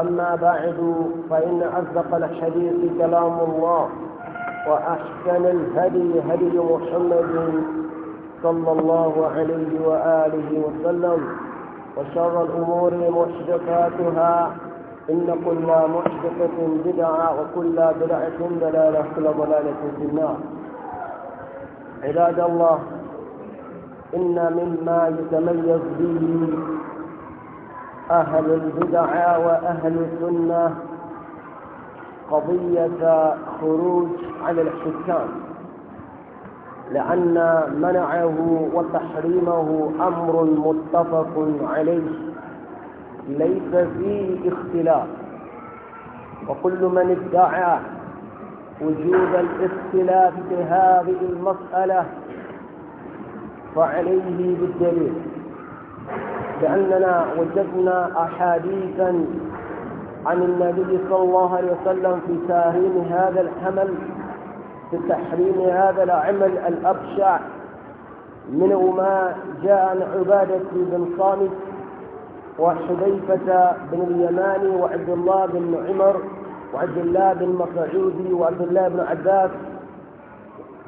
أما بعد فإن أصدق الحديث كلام الله وأحسن الهدي هدي محمد صلى الله عليه وآله وسلم وشر الأمور محدثاتها إن كل محدثة بدعة وكل بدعة ضلالة كل ضلالة في النار عباد الله إن مما يتميز به أهل البدع وأهل السنة قضية خروج عن الحكام لأن منعه وتحريمه أمر متفق عليه ليس فيه اختلاف وكل من ادعى وجود الاختلاف في هذه المسألة فعليه بالدليل لأننا وجدنا أحاديثا عن النبي صلى الله عليه وسلم في تحريم هذا الحمل في تحريم هذا العمل الأبشع من ما جاء عن عبادة بن صامت وحذيفة بن اليماني وعبد الله بن عمر وعبد الله بن مسعود وعبد الله بن عباس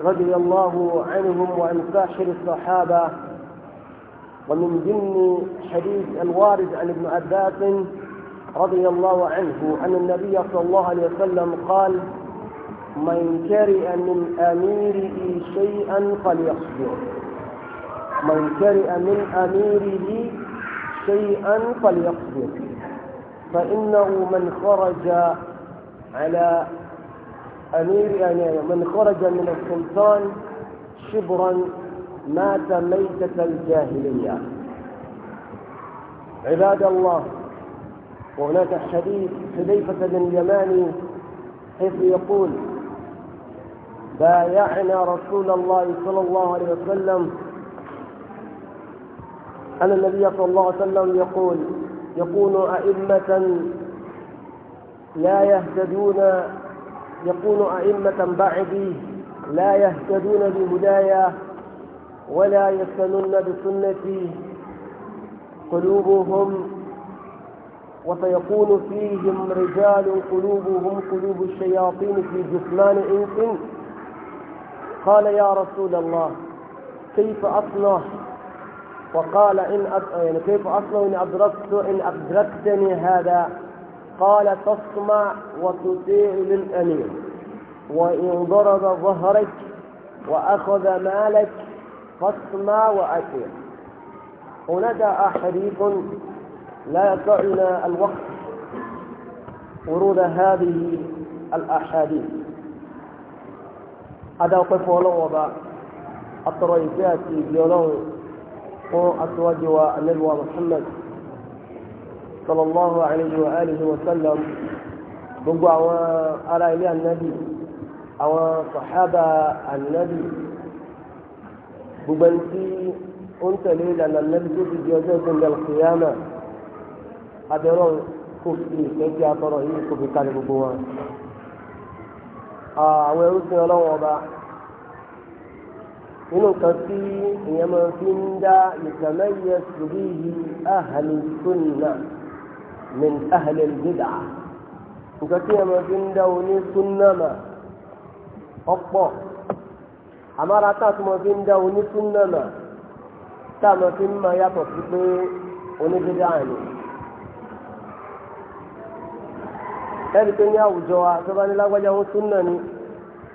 رضي الله عنهم وعن ساحر الصحابة ومن ضمن حديث الوارد عن ابن عباس رضي الله عنه أن النبي صلى الله عليه وسلم قال من كره من أميره شيئا فليصبر من كره من أميره شيئا فليصبر فإنه من خرج على أمير يعني من خرج من السلطان شبرا مات ميتة الجاهلية عباد الله وهناك حديث حذيفة بن اليماني حيث يقول بايعنا رسول الله صلى الله عليه وسلم أن النبي صلى الله عليه وسلم يقول يكون أئمة لا يهتدون يكون أئمة بعدي لا يهتدون بهدايا ولا يستنن بسنتي قلوبهم وسيكون فيهم رجال قلوبهم قلوب الشياطين في جثمان انس قال يا رسول الله كيف اصنع وقال ان يعني كيف اصنع ان ادركت ان ادركتني هذا قال تصمع وتطيع للامير وان ضرب ظهرك واخذ مالك فاسمع وأسير هناك حديث لا يقعنا الوقت ورود هذه الأحاديث هذا وقف ولو وضع الطريقات يولون وأسواج والنبوة محمد صلى الله عليه وآله وسلم gbogbo على إله النبي أو صحابة النبي gbogbo ẹni tí ó ń tẹ̀lé ìlànà lẹ́nu tó ti di ọjọ́ ìgbìngàn kìíyàmà abẹ́rọ̀ kò fi ìfẹ́ tí a tọrọ yìí kò fi kalẹ̀ gbogbo wọn. àwọn ẹrú sin ọlọ́wọ́n ọba nínú kan tí ìyẹn máa fi ń dá ìtàmẹ́yẹ sùgbí sunna min ahàlì bídà nǹkan tí ìyẹn máa fi ń dá sunna mà ọ̀pọ̀ àmọ́ra tá a tún mọ fi ń dá onítúnú náà tá a mọ fi ń mọ yàtọ̀ sí pé onídídá àná. ẹ̀rí pé ní àwùjọ wa tó bá ní lágbájá ó tún náà ni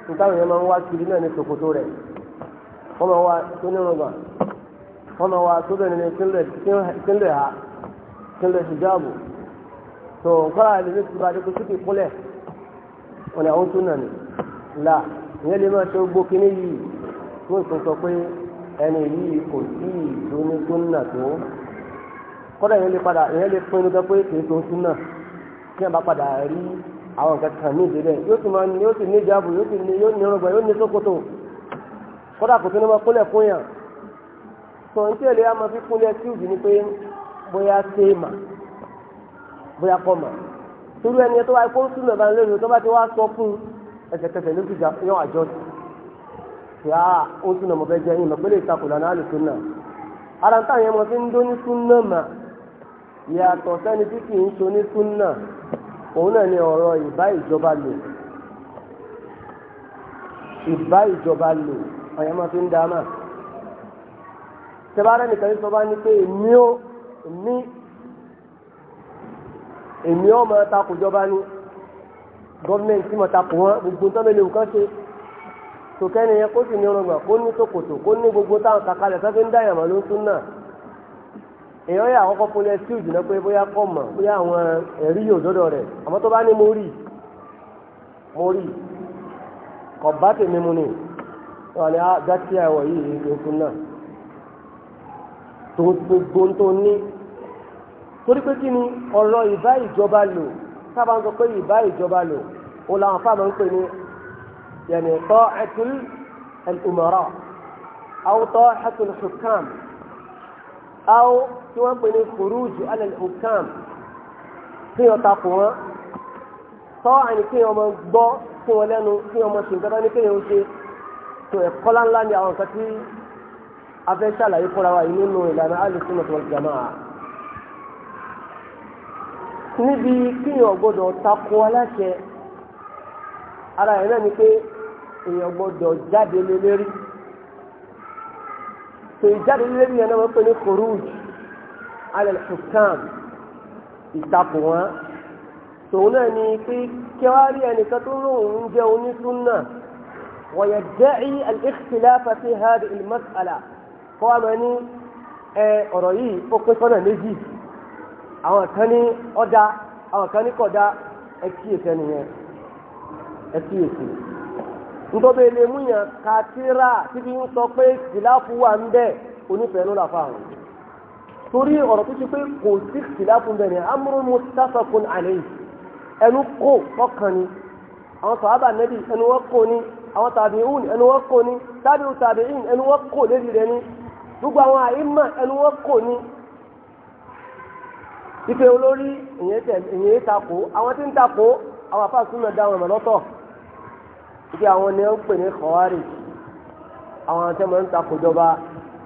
nítawọn yẹn máa ń wá kiri náà ní ṣòkòtò rẹ̀ wọ́n máa wá tó nírùngbà wọ́n máa wá tó bẹ̀rẹ̀ ní kíńlẹ̀ ha kíńlẹ̀ hijabu tó nkọ́ra ẹ̀lẹ́mí ti bá dé kó sókè kúlẹ̀ ọ̀nà ó tún náà ni láà. ìyẹn lè máa ṣe gbó kínní yìí tó ìtún sọ pé ẹni yìí kò sí ìdóní tó tó kọ́dà ìyẹn lè padà ìyẹn lè pinnu gan pé kì tó ń tún kí ẹ bá padà rí àwọn nǹkan kan ní ìdílé yóò máa yóò sì ní yóò sì ní yóò ní yóò ní sọ ní tẹ̀lé a máa fi kúnlẹ̀ ni pé bóyá ṣe mà bóyá kọ́ mà torí ẹni tó wáyé kó ń túnbẹ̀ bá ń ẹsẹ̀kẹsẹ̀ ló ti jà yọ àjọ tí a ó tún ọmọ bẹ́ẹ̀ jẹ́ yín mọ̀ pé lè takùlà náà lè tún ara ń táyẹn mọ sí ń dó ní súnà mà yàtọ̀ sẹ́ni tí kì í so ní súnà òun náà ni ọ̀rọ̀ ìbá ìjọba lò ìbá ìjọba lò ọ̀yẹ́ máa fi ń dá mà tẹ́bárẹ́ nìkan sọ bá ní pé èmi ó èmi èmi ó máa takùjọba ni gọ́ọ̀mẹ̀ntì mọ̀ta kò wọ́n gbogbo tọ́lẹ̀lẹ̀ nǹkan ṣe tòkẹ́ni yẹn kó sì ní ọlọ́gbà kó ní tòkòtò kó ní gbogbo táwọn kàkálẹ̀ sọ́fẹ́ ń dá ìyàmọ̀ ló ń tún náà èèyàn yà àkọ́kọ́ fún ẹ sí ìdùnnà pé bóyá kọ́ mọ̀ bóyá àwọn ẹ̀rí yóò dọ́dọ̀ rẹ̀ àmọ́ tó bá ní mo rí mo rí kọ̀ bá tèmi mu ni wọn ni ah, dátí àwọ̀ yìí ló ń tún náà tó gbogbo tó ní torí pé kí ni ọ̀rọ̀ ìbá ìjọba lò sábà ń sọ pé ìbá ìjọba lò ó làwọn fáwọn ń pè ní yẹnì ta'atul al-umara aw ta'atul hukam aw tí wọ́n ń pè ní khuruju ala al-hukam kí wọ́n ta kù wọ́n ta'à ni kí wọ́n mọ gbọ́ kí wọ́n lẹ́nu kí wọ́n mọ ṣèǹkà ní kí wọ́n ṣe tó ẹ̀kọ́ láńlá ni àwọn kan tí a ṣàlàyé fúnra wa yìí nínú ìlànà al-sunnah níbi kíyàn gbọ́dọ̀ takò aláṣẹ ara ẹ̀ náà ni pé èèyàn gbọ́dọ̀ jáde lé lérí tó ìjáde lé lérí yẹn náà wọ́n pè ní kòrúùj alẹ́ ṣùkàn ìtakò wọn tòun náà ni pé kẹwàárí ẹnìkan tó lóun jẹ́ onísúnnà wọ́n yẹ jẹ́ al-ikhtilafa fi hadhihi kọ́ àmọ́ ní ọ̀rọ̀ yìí ó pín sọ́nà méjì àwọn kan ní ọ̀dà àwọn kan ní kọ̀dà ẹ kíyèsí ẹni yẹn ẹ kíyèsí ntọ́bẹ̀ ilé mú yàn kátírà síbi ń sọ pé kìláàfù wà ń bẹ̀ onífẹ̀ẹ́ ló làfà àwọn torí ọ̀rọ̀ tó ti pé kò sí kìláàfù bẹ̀ ni amúrú mustafakun alayhi ẹnu kò fọkàn ni àwọn sàhábà nẹ́bí ẹnu wọn kò ní àwọn tàbíùn ẹnu wọn kò ní tàbíù tàbíìn ẹnu wọn kò lébi rẹ ní gbogbo àwọn àìmọ̀ ẹnu wọn kò ní ipe olórí ìyẹn takò àwọn tí ń takò àwọn àfáà súnmọ̀ dáwọn ọ̀mọ̀ lọ́tọ̀ ipe àwọn ni ó ń pè ní kọ̀wárì àwọn àti ọmọ ń takò jọba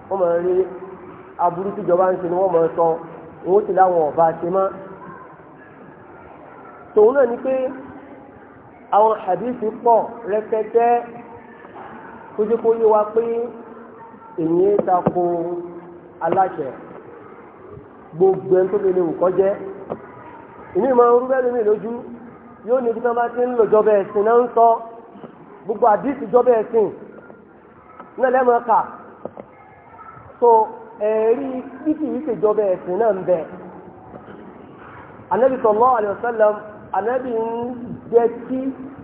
wọ́n mọ̀ rí aburú tí jọba ń ṣe ni wọ́n mọ̀ sọ òun ti láwọn ọ̀bá ṣe mọ́ tòun náà ni pé àwọn hadithi pọ̀ rẹpẹtẹ tó wa pé èyí takò aláṣẹ gbogbo ẹni tó lè lè wùkọ́ jẹ́ ìní ìmọ̀ orú bẹ́ẹ̀ lómi lójú yóò ní ibùdó bá ti ń lò jọba ẹ̀sìn náà ń sọ gbogbo àdìsí jọba ẹ̀sìn náà lẹ́mọ̀ ká so ẹ̀rí títí yìí ṣe jọba ẹ̀sìn náà ń bẹ anabi sallallahu alaihi wasallam anabi ń jẹ́ kí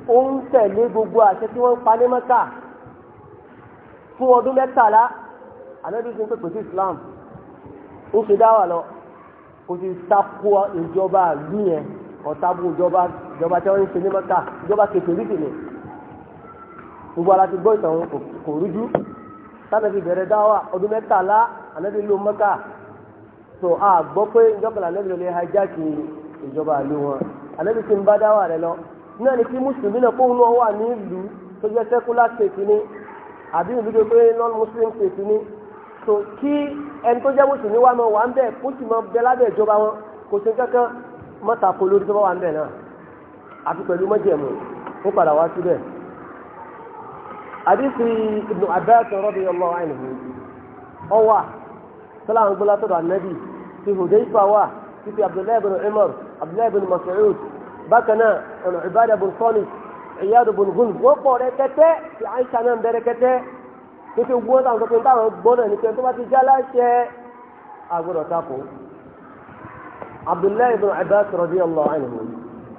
ó ń tẹ̀lé gbogbo àṣẹ tí wọ́n ń pa ní mẹ́ta fún ọdún mẹ́tàlá anabi ti ń pèpè sí islam ó ṣe dáwà lọ ó ti tako ìjọba àlú yẹn ọ̀tàbù ìjọba ìjọba tí wọ́n ń ṣe ní mẹ́ta ìjọba kètò rí tìlẹ̀ gbogbo ara ti gbọ́ ìtàn kò rújú sanabi bẹ̀rẹ̀ dáwà ọdún mẹ́tàlá anabi ló mẹ́ta tó a gbọ́ pé ìjọba anabi lọ́lẹ́ hajjáki ìjọba àlú wọn anabi ti ń bá dáwà rẹ lọ náà ni kí mùsùlùmí náà kóhun náà wà ní ìlú tó jẹ́ sẹ́kúlá kètì ni àbí ìlú tó pé non-muslim kètì ni so kí ẹni tó jẹ́ mùsùlùmí wa mọ̀ wà ń bẹ̀ kó sì mọ̀ bẹ lábẹ́ ìjọba wọn kò sí kankan mọ́tàkó lórí tó bá wà ń bẹ̀ náà àti pẹ̀lú mọ́jẹ̀mú ó padà wá síbẹ̀. àdìsí Ibn Abbas radiyallahu anhu ọwà sọlá àwọn gbọ́lá tọ̀dọ̀ ànábì ti Hudayfa wà títí Abdullahi bin Umar Abdullahi bin Mas'oud, bákan náà ọ̀nà Ubadah bin Samit Iyad bin Gulb wọ́n pọ̀ rẹ̀ tó ti gbọ́ táwọn tó táwọn gbọ́dọ̀ ní pé tó bá ti já láṣẹ àgbọ̀dọ̀ tako abdullahi ibn abbas radiyallahu anhu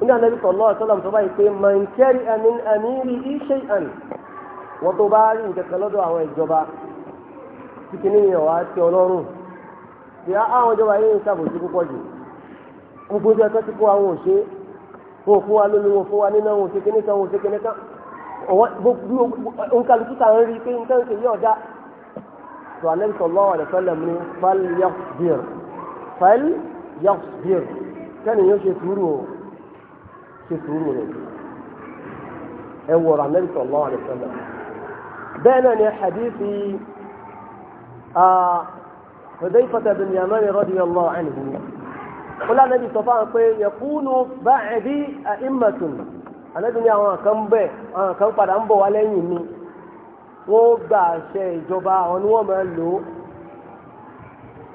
inna nabi sallallahu alaihi wasallam tó báyìí pé man kari amin amiri shay'an wọ́n tó bá rí nǹkan kan lọ́dọ̀ àwọn ìjọba tí kìíní yẹn wá ti ọlọ́run tí àwọn ìjọba yìí ń ṣàbòsí púpọ̀ jù gbogbo ìjọba tó ti kó àwọn òṣè fún wa lónìí wọn fún wa nínú wọn òṣè kíní òǹkàlùkù tà ń rí pé nǹkan ṣe yí ọ̀dá tó Ànábì sallallahu alaihi wasallam ní falyasbir falyasbir kẹ́ni yóò ṣe sùúrù o ṣe sùúrù rẹ̀ ẹ wọ̀rọ̀ Ànábì sallallahu alaihi wasallam bẹ́ẹ̀ náà ni hadithi Hudayfata bin Yamani radiyallahu anhu qala Ànábì sọ fáwọn ànábì ní àwọn kan bẹ̀ àwọn kan padà ń bọ̀ wá lẹ́yìn mi wọ́n gba àṣẹ ìjọba àwọn ni wọ́n máa lò ó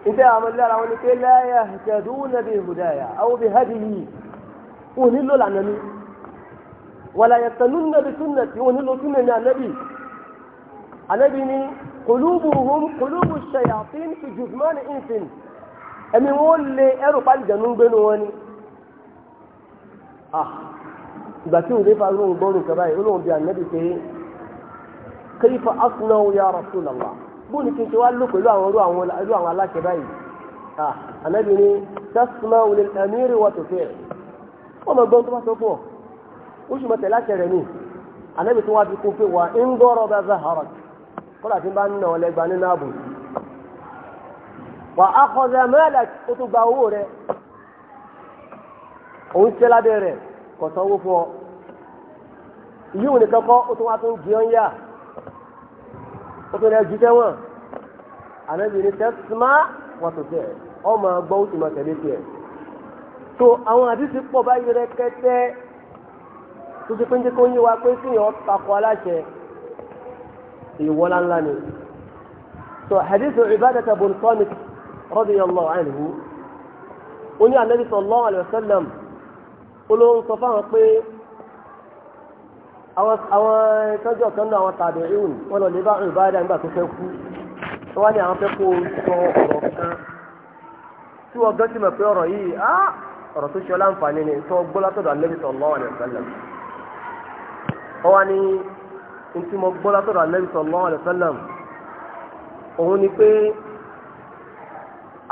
ìfẹ́ àwọn ìlera wọn ni pé láyà yahtaduna bi hudaya aw bi hadiyi wọn nílò lànà mi wala yaqtanuna bi sunnati wọn nílò súnà ní ànábì ànábì ní qulubuhum qulubu shayatin fi judmani insin ẹ̀mí wọn lé ẹrù ìgbà tí òde fa lóhùn gbọ́rùn kaba yìí olóhùn bí anabi pé kayfa asna'u ya Rasulullah bó ni kíkẹ́ wá lò pẹ̀lú àwọn irú àwọn aláṣẹ báyìí anabi ah, ni tasma'u lil amiri wa tuti' wọ́n máa gbọ́n tó bá sọ fún ọ ó sì máa tẹ̀lé àṣẹ rẹ̀ ni anabi tó wá fi kún pé wà ń gbọ́rọ̀ bá zaharak kọ́lá tí bá ń nà ọ nínú ààbò wà á kọ́ kò sanwó fún ọ ìlú òní kankan ó tún wá tó ń gbé ọ́n yá ó tún lè ju tẹ́wọ̀n ànábì ní tẹ́símá wọ́n tó tẹ̀ ọmọ gbọ́ ó sì máa tẹ̀lé tiẹ̀ tó àwọn àdìsí pọ̀ báyìí rẹ kẹ́tẹ́ tó ti péńté kó yé wa pé síyàn takọ aláṣẹ ìwọlá ńlá ni tó hadith Ubadah ibn Samit radiyallahu anhu ó ní ànábì sallallahu alaihi wasallam olóhùn sọ fáwọn pé àwọn ìtọ́jú ọ̀kan náà àwọn tàbí ìhùn wọn lọ lè bá Ìbàdàn nígbà tó fẹ́ kú tó wá ní àwọn fẹ́ kó sọ ọ̀rọ̀ kan tí wọ́n gán ti pé ọ̀rọ̀ yìí á ọ̀rọ̀ tó ṣe ọláǹfààní ni tó gbọ́ látọ̀dọ̀ Ànábì sallallahu alaihi wasallam ọ wá ní ntí mo gbọ́ látọ̀dọ̀ Ànábì sallallahu alaihi wasallam òun ni pé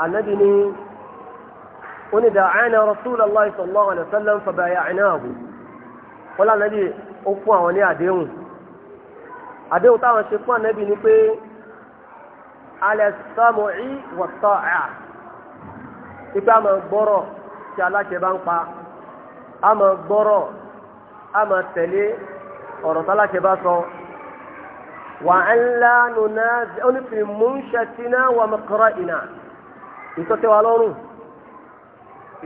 Ànábì ni wọ́n dàcánà rasulallah sallallahu alayhi wa sallam fabayacnaahu wọ́n lànà bí ó fún àwọn ní àdéhùn àdéhùn táwọn ṣe fún ànábì ni pé alẹ́ sàmùcí wà tọ́ọ̀cà ipe àmọ́ gbọ́rọ̀ tí aláṣẹ bá ń pa àmọ́ gbọ́rọ̀ àmọ́ tẹ̀lé ọ̀rọ̀ táláṣẹ bá sọ wà á ńlá nùnà onífìmúṣẹ́tìnà wà mọ̀kọ́rọ̀ ìnà ìtọ́tẹ́wà lọ́rùn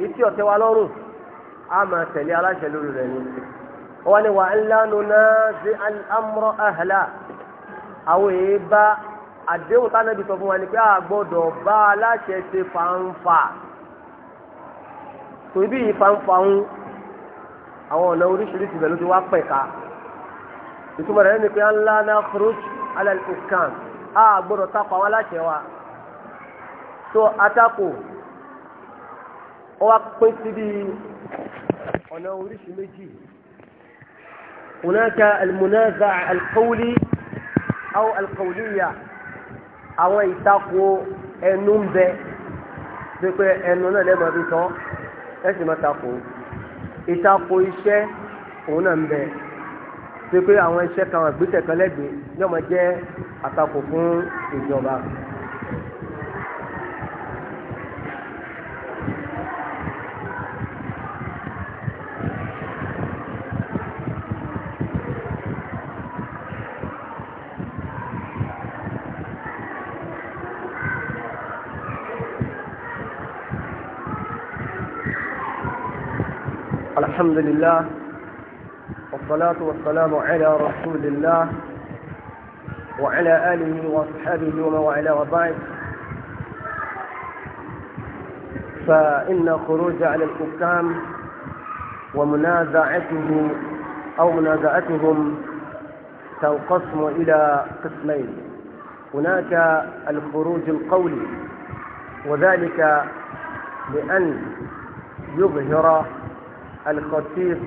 èyí tí ọ̀tẹ̀ wa lọ́rùn a máa tẹ̀lé aláṣẹ lórí rẹ̀ ni wọ́n ní wà ńlá nùnà sí amúrọ̀ àhàlà àwọn èyí bá àdéhùn tánàbí sọ fún wa ni pé a gbọ́dọ̀ bá aláṣẹ ṣe fanfa tó yìí fanfa ń àwọn ọ̀nà oríṣiríṣi bẹ̀rù ti wá pẹ̀ka ìtumọ̀ rẹ̀ ni pé ńlá náà kúrúṣ alẹ́ ìkàn a gbọ́dọ̀ takọ̀ àwọn aláṣẹ wa tó atakò. So, ó wá pín sí bí ọ̀nà oríṣi méjì hunaka almunaza alkauli aw alkauliya àwọn ìtakò ẹnu ń bẹ bí pé ẹnu náà lẹ́mọ̀ bí tán ẹ sì máa takò ìtakò iṣẹ́ òun náà ń bí pé àwọn iṣẹ́ kan àgbésẹ̀ kan lẹ́gbẹ̀ẹ́ yóò máa jẹ́ àtakò fún ìjọba. الحمد لله والصلاة والسلام على رسول الله وعلى آله وأصحابه ومن والاه وبعد فإن خروج على الحكام ومنازعته أو منازعتهم تنقسم إلى قسمين هناك الخروج القولي وذلك بأن يظهر الخطيرة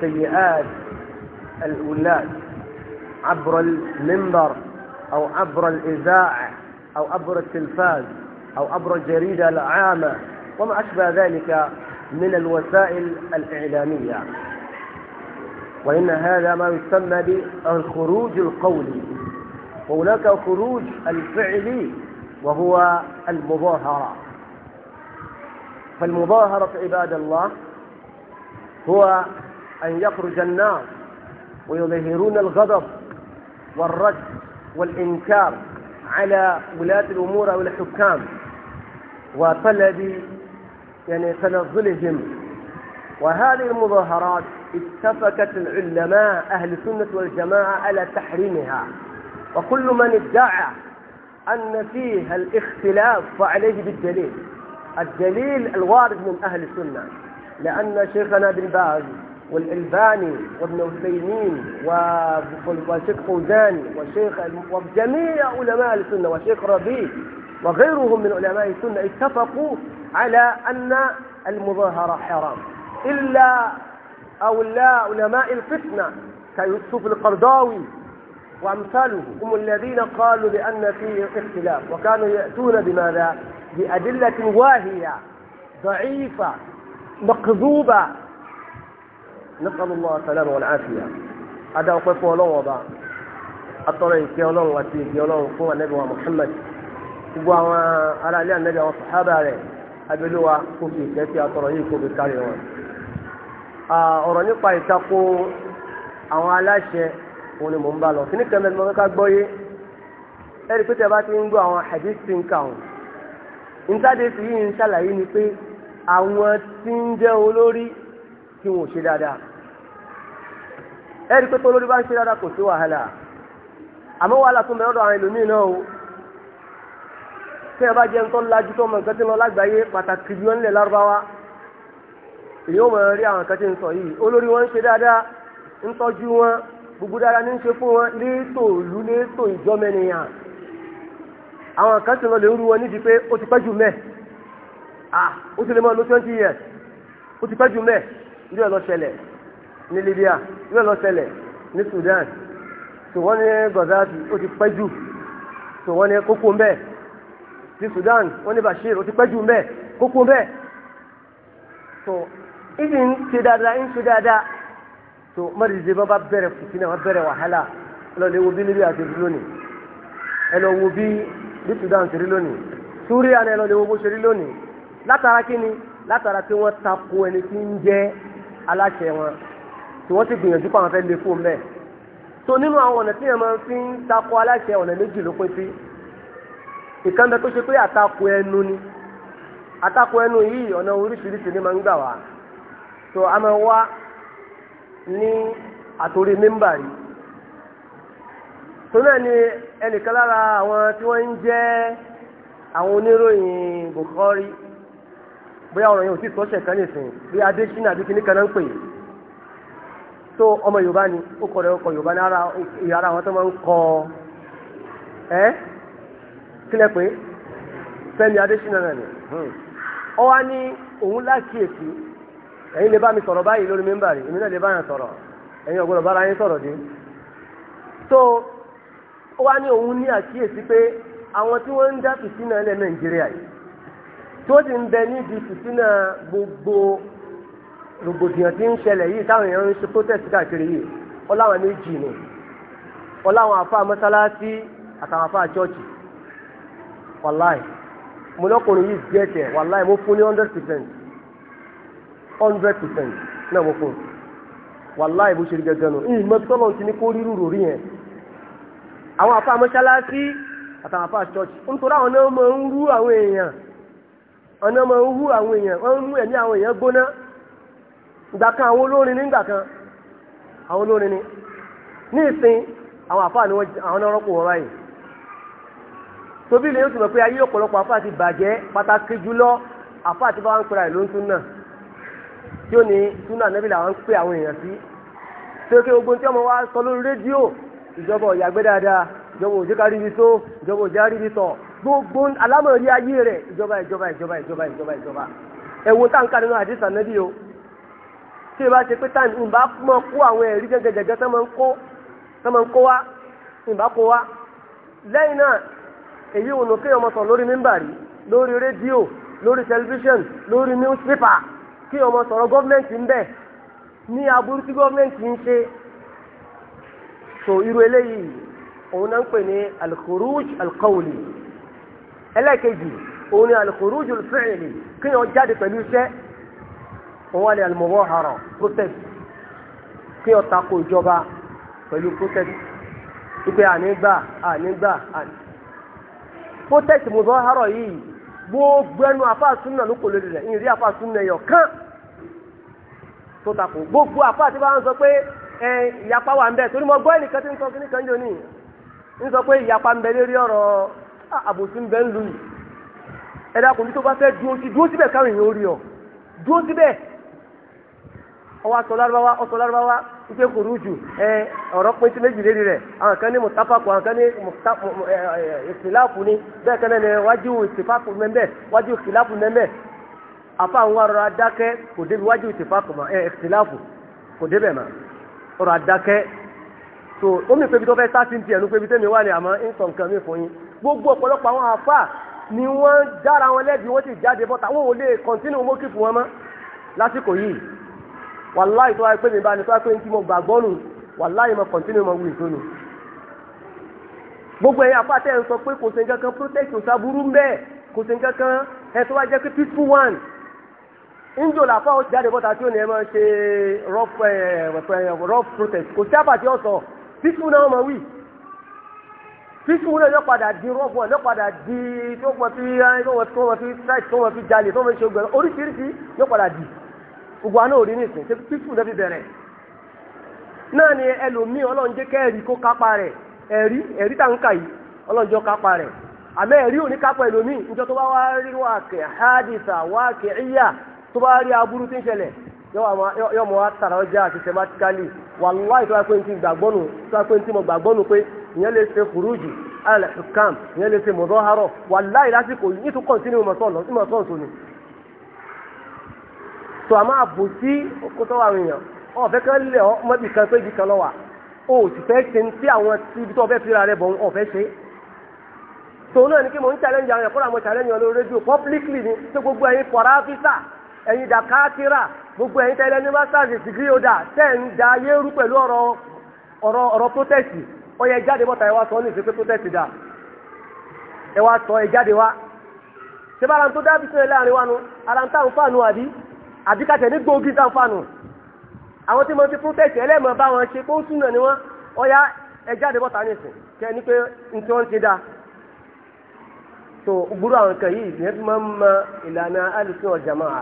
سيئات الأولاد عبر المنبر أو عبر الإذاعة أو عبر التلفاز أو عبر الجريدة العامة وما أشبه ذلك من الوسائل الإعلامية وإن هذا ما يسمى بالخروج القولي وهناك خروج الفعلي وهو المظاهرة فالمظاهرة عباد الله هو أن يخرج الناس ويظهرون الغضب والرد والإنكار على ولاة الأمور أو الحكام وطلب يعني تنظلهم وهذه المظاهرات اتفقت العلماء أهل السنة والجماعة على تحريمها وكل من ادعى أن فيها الاختلاف فعليه بالدليل الدليل الوارد من أهل السنة لأن شيخنا بن باز والألباني وابن عثيمين وشيخ فوزان وشيخ وجميع علماء السنة وشيخ ربيع وغيرهم من علماء السنة اتفقوا على أن المظاهرة حرام إلا أو لا علماء الفتنة كيوسف القرضاوي وأمثاله هم الذين قالوا بأن فيه اختلاف وكانوا يأتون بماذا؟ بأدلة واهية ضعيفة mọ̀kìdúbà nípàlùmọ́ àtàlẹ́mù wọn àfihàn adá ọpẹ́ fún ọlọ́wọ́n ọba atọ́rọ ìkẹ́ ọlọ́run àti ìgbẹ́ ọlọ́run fún wa Muhammad gbogbo àwọn ará ilé ànábì àwọn sàhábà rẹ̀ abẹ́lẹ́wà kò fi ìkẹ́ sí atọ́rọ yìí kò fi kárí wọn. ọ̀rọ̀ nípa ìtako àwọn aláṣẹ òun ni mò ń bá lọ kí ní kẹ́mẹ́ ni mo fẹ́ ká gbọ́ yé ẹ̀rí pé tẹ́ bá ti ń gbọ́ àwọn hadith ìtàdé ń ṣàlàyé ni pé àwọn tí ń jẹ́ olórí tí wọn ò ṣe dáadáa ẹ̀rí pé tó olórí bá ń ṣe dáadáa kò sí wàhálà àmọ́ wàhálà tó ń bẹ lọ́dọ̀ àwọn ẹlòmíì náà o tí ẹ bá jẹun tó lajú tó mọ nǹkan tí ń lọ lágbàáyé pàtàkì jùlọ nílẹ̀ lárúbáwá èyí ò mọ̀ rí àwọn nǹkan tí ń sọ yìí olórí wọn ń ṣe dáadáa ń tọ́jú wọn gbogbo dáadáa ní ń ṣe fún wọn létò ìlú létò ìjọmẹ́nìyàn àwọn nǹkan tí ń lè ń ru wọn nídìí pé ó ti pẹ́ jù mẹ́ẹ̀ ah o ti lè máa lo twenty years ó ti pẹ́ jù mẹ́ irú ẹ̀ lọ ṣẹlẹ̀ ní Libya irú ẹ̀ lọ ṣẹlẹ̀ ní Sudan tó wọ́n ní Gaddafi ó ti pẹ́ jù tó wọ́n ní kókó mẹ́ ti Sudan wọ́n ní Bashir o ti pẹ́ jù mẹ́ kókó mẹ́ tó ibi ń ṣe dáadáa ń ṣe dáadáa tó mọ́rìndínlẹ́ bá bá bẹ̀rẹ̀ kùtìnà bá bẹ̀rẹ̀ wàhálà lọ́lẹ̀ wo bí Libya ti dúró ni ẹ lọ wo bí bí Sudan ti rí lónìí Suria ni ẹ wo bó ṣe rí lónìí látara kí ni látara pé wọ́n tako ẹni tí ń jẹ́ aláṣẹ wọn tí wọ́n ti gbìyànjú pé àwọn fẹ́ lè fún bẹ́ẹ̀ so nínú àwọn ọ̀nà tí yẹn máa fi ń tako aláṣẹ ọ̀nà méjì ló pín sí ìkan bẹ tó ṣe pé àtakò ẹnu ni àtakò ẹnu yìí ọ̀nà oríṣiríṣi ni máa ń gbà wá so a máa wá ní àtòrí mímbà yìí tó náà ni ẹnìkan lára àwọn tí wọ́n ń jẹ́ àwọn oníròyìn Bukhari bóyá ọ̀rọ̀ yẹn ò tí sọ́ṣẹ̀ kan lè sìn bí adésínà àbí kíní kan náà ń pè so ọmọ yorùbá ni ó kọ̀ ọkọ̀ yorùbá ní ara ìyá ara àwọn tó máa ń kọ ẹ́ kílẹ̀ pé fẹ́mi adésínà náà ni ọ hmm. wá ní òun ẹ̀yìn lè bá mi sọ̀rọ̀ báyìí lórí so wá ní òun ní àkíyèsí pé àwọn tí wọ́n ń dá tó ti ń bẹ níbi fìtínà gbogbo rògbòdìyàn tí ń ṣẹlẹ̀ yìí táwọn èèyàn ń ṣe protest káàkiri yìí ọláwọn méjì ni ọláwọn àfa mọ́sálásí àtàwọn àfa chọ́ọ̀chì wàláì mo lọ́kùnrin yìí gẹ̀ẹ́tẹ̀ wàláì mo fún ní hundred percent hundred percent náà mo fún wàláì bó ṣe rí gẹ́gẹ́ ìyìn ti ní kó yẹn àwọn mọ́sálásí àtàwọn nítorí àwọn ọ̀nà ọmọ ń hú àwọn èèyàn wọ́n ń mú ẹ̀mí àwọn èèyàn gbóná ìgbà àwọn olórin nígbà àwọn olórin ni ní ìsìn àwọn àfáà ni àwọn náà rọ́pò wọn báyìí tóbi lè tún mọ̀ pé ayé ọ̀pọ̀lọpọ̀ àfáà ti bàjẹ́ pàtàkì jùlọ àfáà ti bá wọn pera ìlú súnà tí ó ní súnà níbi làwọn ń pè àwọn èèyàn sí ogun tí ọmọ wa sọ lórí rédíò gbogbo alámọ̀rí ayé rẹ̀ ìjọba ìjọba ìjọba ìjọba ìjọba ìjọba ẹ̀wọ̀n tá n ká nínú àdìsàn náà bí o tí ìbá ṣe pé tá n bá mọ kó àwọn ẹ̀rí gẹ́gẹ́gẹ́gẹ́ tó máa ń kó wá n bá kó wá lẹ́yìn náà èyí ò nù kéèyàn mọ̀sán lórí mímbàrí lórí rédíò lórí tẹlifíṣàn lórí níwúsípà kéèyàn mọ̀sán gọ́ọ̀mẹ̀ntì ń bẹ ní aburú gọ́ọ̀mẹ̀ntì ń ṣe so irú eléyìí òun náà ń pè ní al-khuruj ẹlẹ́ẹ̀kejì òun ni al-khurujul fi'li kí wọ́n jáde pẹ̀lú iṣẹ́ òun wà ní protest kí wọ́n tako ìjọba pẹ̀lú protest ìpè ànígbà ànígbà protest mudahara yìí gbogbo ẹnu àfáàsúnà ló kò lórí rẹ̀ ìrírí àfáàsúnà ẹ̀yọ̀ kan tó tako gbogbo àfáàsí bá ń sọ pé ẹ ìyapa wà ń bẹ torí mo gbọ́ ẹnìkan tí ń sọ kíníkan jò ní ń sọ Ah, àbòsí ń bẹ ń lu yìí ẹ̀dá kò ní tó bá fẹ́ dúró síbẹ̀ káwọn èèyàn ó n'a ọ dúró síbẹ̀ ọwọ́ aṣọ lárúbáwá ọṣọ lárúbáwá wípé kò rújù ẹ ọ̀rọ̀ pé tí méjì lérí rẹ̀ àwọn kan ní àwọn kan ní ni bẹ́ẹ̀ kan náà wájú ìtìfàkù mẹ́mẹ́ wájú mẹ́mẹ́ àwọn ọ̀rọ̀ adákẹ́ kò débi wájú ìtìfàkù mà ẹ kò débẹ̀ mà ọ̀rọ̀ adákẹ́ omi tó fẹ́ tẹ́mi wà gbogbo ọ̀pọ̀lọpọ̀ àwọn àfà ni wọ́n dára wọn lẹ́bi wọ́n sì jáde bọ́ta wọn ò lè kọ̀ntínú mọ́kìfù wọn mọ́ lásìkò yìí wàláì tó wáyé pé mi bá ní tó wáyé pé ní tí mo gbàgbọ́ nù wàláì mo kọ̀ntínú mo wù ìtọ́nù gbogbo ẹ̀yin àfà tẹ́ ń sọ pé kò sí nǹkan kan protest ò sábúrú ń bẹ́ẹ̀ kò sí nǹkan kan ẹ̀ tó wáyé jẹ́ pé peaceful one injo la fa o ti jáde bọ́ta tí ó ní ẹ máa ṣe rough protest kò sí àbàtì ọ̀sọ̀ peaceful náà máa wí fífi wọn lọ di rọ́bù lọ di tó wọ́n fi tó wọ́n fi strike tó wọ́n fi jalè tó wọ́n fi ṣogbẹ́ oríṣiríṣi lọ di gbogbo àná òrí ní ìsìn fífi wọn bẹ̀rẹ̀ náà ni ẹlòmíì ọlọ́run kẹ́ẹ̀rí kó kápá rẹ̀ ẹ̀rí ẹ̀rí tá yìí kápá rẹ̀ àmẹ́ ẹ̀rí òní kápá ẹlòmíì wá tàrà ọjà àti ìyẹn lè ṣe kùrúùjù alẹ́ ṣùkàm ìyẹn lè ṣe mọ̀dọ́hárọ̀ wàláì lásìkò yìí tún kọ̀ǹtínú ìmọ̀sọ́ọ̀sọ ni. tó a máa bù sí kótó àwọn èèyàn ọ̀fẹ́ kan lẹ̀ ọ́ mọ́bì kan pé ibi kan lọ́wà o sì fẹ́ ṣe ń tí àwọn ibi tó ọ̀fẹ́ fira rẹ̀ bọ̀ ń ọ̀fẹ́ ṣe. tòun náà ni kí mo ń challenge àwọn ẹ̀kọ́ làwọn challenge wọn lórí rédíò publicly ni tó gbogbo ẹ̀yin fọ̀ráfísà ẹ̀yin dàkátìrà gbogbo ẹ̀yin tẹ́lẹ̀ ní masters degree ọ̀dà tẹ́ ń da ayé pẹ̀lú ọ̀rọ̀ ọ̀rọ̀ protest ó yẹ jáde bọ́ta ẹwà sọ ní ìsìnkú tó tẹ̀sí dà ẹwà sọ ẹ jáde wá ṣé bá ara tó dábì sílẹ̀ láàrin wa nu ara ń táwọn fáànù àbí àbí kàtẹ́ ní gbòógì táwọn fáànù àwọn tí mo ti protest ẹlẹ́mọ̀ bá wọn ṣe kó súnà ni wọ́n ó yá ẹ jáde bọ́ta ní ìsìn kẹ́ ní pé n tí wọ́n ti dà so gbúrú àwọn nǹkan yìí ìyẹn fi máa ń mọ ìlànà alùsùn wal jamaa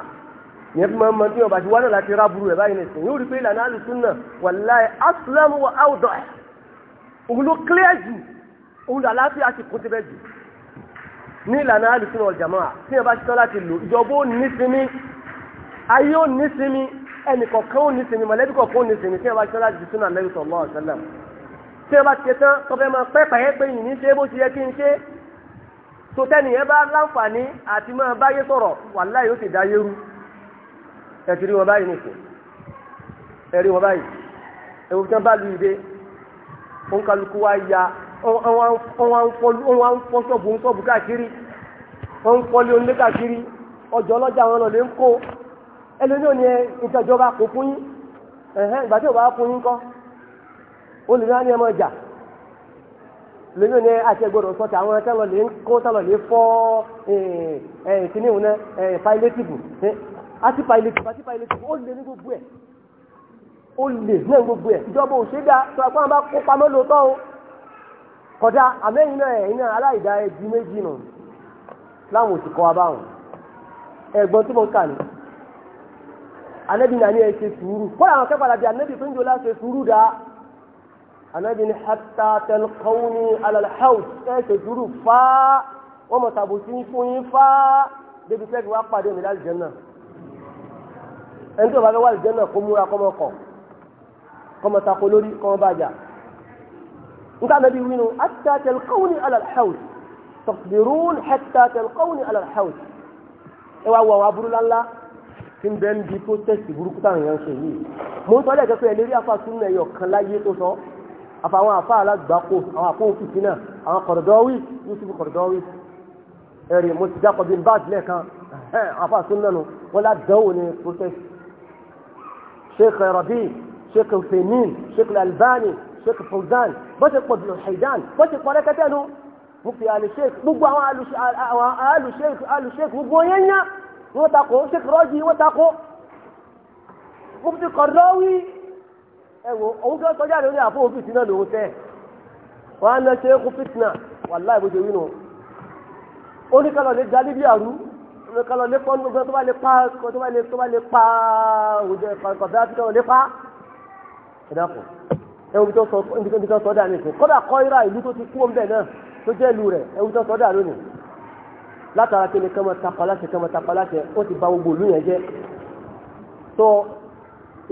ìyẹn fi máa ń mọ bí wọn bá ti wá náà láti rábùrù ẹ̀ báyìí nìsín yóò rí pé ìlànà alùsùn náà wallahi aslam wa awdah òun ló clear jù òun làlàáfíà ti kó síbẹ̀ jù ní ìlànà àlùsùn ọ̀jàmọ́ à tí wọ́n bá ṣetán láti lò ìjọba ó ní sinmi ayé ó ní sinmi ẹnì kọ̀ọ̀kan ó ní sinmi mọ̀lẹ́bí kọ̀ọ̀kan ó ní sinmi tí wọ́n bá ṣetán láti di súnà lẹ́yìn sọ̀rọ̀ lọ́wọ́ sẹ́lẹ̀m tí wọ́n bá ṣetán tọ́fẹ́ máa pẹ́ pàyẹ́ pé yìí ní ṣe bó ti yẹ kí n ṣe tó tẹ́ni yẹn bá láǹfààní àti máa báyé sọ̀rọ̀ wàláhì dá yé rú ẹ̀tì rí wọn báyìí nìkan ẹ̀rí wọn báyìí ẹ̀wọ̀n tí wọ́n bá lu òǹkàlùkù wa ya wọ́n fọ́ sọ́ọ̀bù ń sọ́ọ̀bù káàkiri wọ́n ń kọ́lé onílé káàkiri ọjọ́ ọlọ́jà wọn lọ́lẹ̀ ń kó ẹlẹ́ni ò ní ìjọba kò fún yín ẹ̀hẹ́n ìgbà tí ò bá ni ní àti ẹgbọ́dọ̀ sọ ti àwọn ẹtẹ́lọ lè ń kó tẹ́lọ lè fọ́ kíní ìwọ̀n náà pàìlẹ́tìbù àti pàìlẹ́tìbù àti pàìlẹ́tìbù ó lè ní gbogbo ó lè ní gbogbo ẹ̀ ìjọba ò ṣe dá tó apá wọn bá kó pamọ́ lóòótọ́ o kọjá àmẹ́yìn náà ẹ̀yìn náà aláìdá ẹbí méjì nù láwọn òsì kọ́ abáwọn ẹ̀gbọ́n tí mo kà ní anẹ́bí náà ní ẹ ṣe sùúrù kọ́ra àwọn akẹ́kọ̀ọ́ àlàbí anẹ́bí tó ń jọlá ṣe sùúrù dá anẹ́bí ní hatta talqawni alal haus ẹ ṣe sùúrù fá wọ́n mọ̀ tàbó sí fún yín fá débi pẹ́ẹ́kì wá pàdé mi láti jẹ́ náà ẹni tó bá fẹ́ wá lè jẹ́ náà kó múra kọ́mọkọ̀ kọ́mọ tako lórí kọ́mọ bàjá nta nabi winu hatta talqawni ala alhawd taqdirun hatta talqawni ala alhawd ẹ wá wọ àwọn aburú ńláńlá tí ń bẹ ń bi protest burúkú táwọn èèyàn ṣe yìí mo ń sọ lẹ́ẹ̀kẹ́ pé ẹlẹ́rìí afa tún náà yọ kan láyé tó sọ afa àwọn afa alágbàkó àwọn àpòhùn fìtínà àwọn kọ̀dọ̀dọ́wì yusuf kọ̀dọ̀dọ́wì ẹ̀rì mo ti dákọ̀ bí bá tilẹ̀ kan afa tún náà nù wọ́n lá dánwò ní protest sheikh rabi sheikh Uthaymeen sheikh Albani sheikh Fawzan bó ṣe pọ̀ jùlọ Haidan bó ṣe pọ̀ rẹ́kẹ́tẹ́ nu mufti al-sheikh gbogbo àwọn al-sheikh al-sheikh gbogbo yẹnyẹ wọ́n takò sheikh Raji wọ́n takò mufti Qardawi ẹ̀wọ̀ òun fẹ́ sọjá lórí àfọ òfìsì náà lòun tẹ́ wọ́n á lọ sheikh fitna wàláì bó ṣe wí nù oníkàlọ́ lè dalí bí àrú oníkàlọ́ lè pọ́n gbogbo tó bá lè pa tó bá lè pa òjò ẹ̀kọ́ ìkọ̀fẹ́ àti kàlọ́ lè pa ìdàpọ̀ ẹwùn tó sọ ibi tó sọ dà ní ìsìn kọ́dà kọ́ ira ìlú tó ti kú ọ̀nbẹ náà tó jẹ́ ìlú rẹ̀ ẹwùn tó sọ dà lónìí látara kí ni kí wọ́n tapa láṣẹ kí wọ́n tapa láṣẹ ó ti bà gbogbo ìlú yẹn jẹ́ tó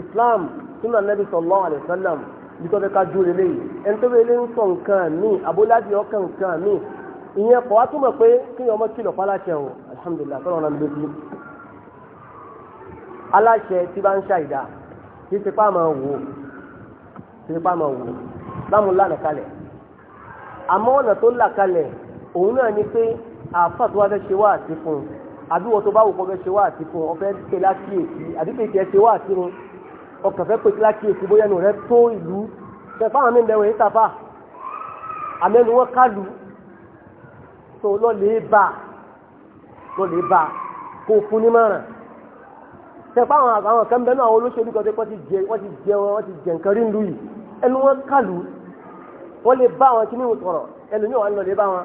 Islam sínú anabi sallallahu alayhi wa sallam bí tó fẹ́ ká ju lélẹ̀ yìí ẹni tó fẹ́ lé ń sọ nǹkan míì abúládìí ọkàn nǹkan míì ìyẹn kọ́ wá túmọ̀ pé kí ọmọ kìlọ̀ fáláṣẹ o alhamdulilayi kọ́ lọ́nà mi lójú aláṣẹ tí bá ń ṣàìdá kì í ti pa àmọ́ wò ó títí pa máa wò láàmú lánà kalẹ̀ àmọ́ ọ̀nà tó là kalẹ̀ òun náà ni pé àáfà tó wá fẹ́ ṣe wá àti fún un àbí wọ́n tó bá wò kó fẹ́ ṣe wá àti fún un ọ̀fẹ́ ké lákìyèsí àbí pé ìkẹ́ ṣe wá àti fún un ọkàn fẹ́ pé lákìyèsí bóyá ẹnu rẹ tó ìlú ṣẹfà àwọn mẹ́rin ní tàfà àmẹ́nu wọn kálù tó lọ́ọ̀lẹ́ bá lọ́ọ̀lẹ́ bá kó fún ní márùn-ún sẹ́pà àwọn àwọn kan bẹ́ẹ̀ náà olóṣèlú kan tó wọ́n ti jẹ wọ́n ti jẹ wọ́n ti jẹ nǹkan rí lu yìí ẹnu wọn kàlù wọ́n lè bá àwọn kíní sọ̀rọ̀ ẹnu ní wọn lọ lè bá wọn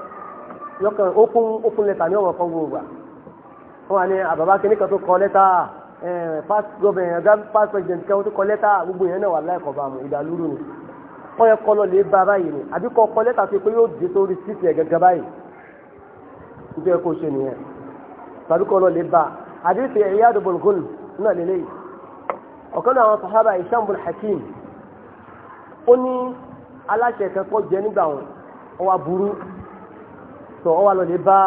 yọkàn okun okun lẹ́tà ní wọn kọ́ gbogbo wọn ni àbàbá ah, kíní kan tó kọ lẹ́tà eh, past government past president kan tó kọ lẹ́tà gbogbo yẹn náà wà láìkọ̀ bá mu ìdàlúrú ni wọ́n yẹ kọ́ lọ lè bá báyìí ni àbí kọ́ kọ́ lẹ́tà tó pé yóò dé sórí títì ẹ̀ gẹ́gẹ́ báyìí nítorí kó ṣe nìyẹn tàbí kọ́ lọ lè bá àdéhùn ìyá àdúgbò gòlù na lélẹ́yìí ọ̀kan náà àwọn sàhábà Hisham bin Hakim ó ní aláṣẹ kẹ́kọ̀ọ́ jẹ nígbà wọn ọwà burú sọ ọwà lọlẹ bá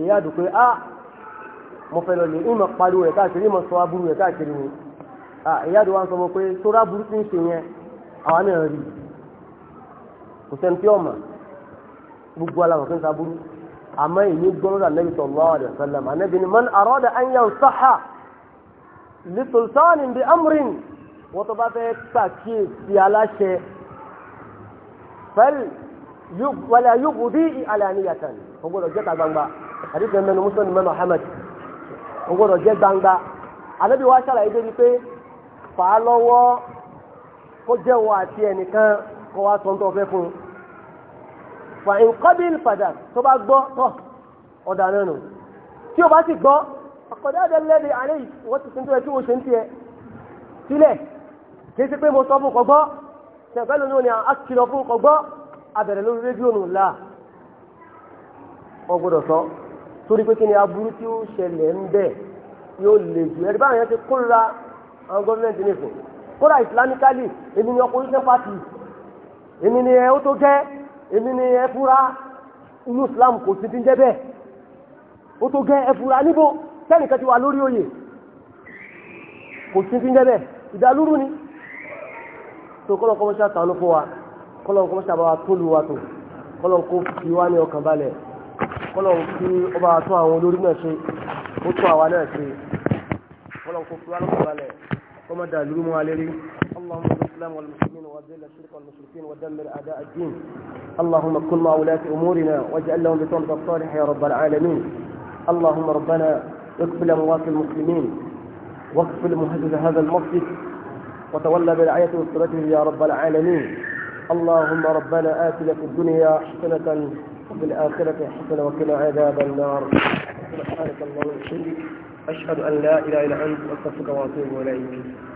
ìyá àdùn a ah fẹ́ lọlẹ ìmọ̀ pariwo rẹ̀ káàkiri ìmọ̀ sọ aburú rẹ̀ káàkiri mi ah ìyá àdùn wa sọ pé burú ti ń ṣe yẹn rí kò sẹ́ni tí gbogbo alamọ̀ fẹ́ ń sa burú. àmọ́ ìní gbọ́nrọ́dà nabi sallallahu alaihi wasallam anabi ni man arada an yansaha li sultanin bi amrin wọ́n tó bá fẹ́ pàkíyèsí aláṣẹ fẹ́l wàlẹ̀ yóò bí alaniyatan ó gbọ́dọ̀ jẹ́ta gbangba àdìsẹ́ mẹ́nu mùsùlùmí mẹ́nu ahmed ó gbọ́dọ̀ jẹ́ gbangba anabi wa ṣàlàyé débi pé fa nkọ́bìl padà tó bá gbọ́ tọ́ ọ̀dà náà nù tí o bá sì gbọ́ ọ̀kọ̀dá àdẹ́lẹ́dẹ́ àlẹ́ yìí wọ́n ti sèǹtẹ̀ tí o ṣe ń tiẹ̀ sílẹ̀ kì í ṣe pé mo sọ fún kọ̀gbọ́ ṣẹ̀fẹ́ lónìí ni a kìlọ̀ fún kọ̀gbọ́ abẹ̀rẹ̀ lórí rédíò nù là wọ́n gbọ́dọ̀ sọ torí pé kí ni aburú tí ó ṣẹlẹ̀ ń bẹ̀ yóò le jù ẹ̀rí báwọn yẹn ti kóra àwọn gọ́ọ̀mẹ̀ntì nìkan kóra islamically èmi ni opposition party èmi ni ẹ ó tó gẹ́ èmi ni ẹfúra inú Islam kò sí ti ń jẹ́ bẹ́ẹ̀ ó tó gẹ́ ẹfúra níbo tẹ́nìkan ti wà lórí oyè kò sí ti ń jẹ́ bẹ́ẹ̀ ìdálúrú ni tó kọ́lọ̀ kọ́ mọ́ṣá tàánú fún wa kọ́lọ̀ kọ́ mọ́ṣá bá wa tó lu wa tó kọ́lọ̀ kó fi wá ní ọkàn balẹ̀ kọ́lọ̀ kí ọba tó àwọn olórí náà ṣe ó tó àwa náà ṣe kọ́lọ̀ kó fi wá lọ́kàn balẹ̀ kọ́mọ́dà lúrú mọ́ alẹ́rí اللهم الإسلام والمسلمين وأذل الشرك والمشركين ودمر أعداء الدين اللهم كن مع ولاة أمورنا واجعل لهم بطرد الصالح يا رب العالمين اللهم ربنا اكفل أموات المسلمين واكفل مهدد هذا المسجد وتولى برعاية وصلته يا رب العالمين اللهم ربنا آتنا في الدنيا حسنة وفي الآخرة حسنة وقنا عذاب النار سبحانك اللهم وبحمدك أشهد أن لا إله إلا أنت أستغفرك وأتوب إليك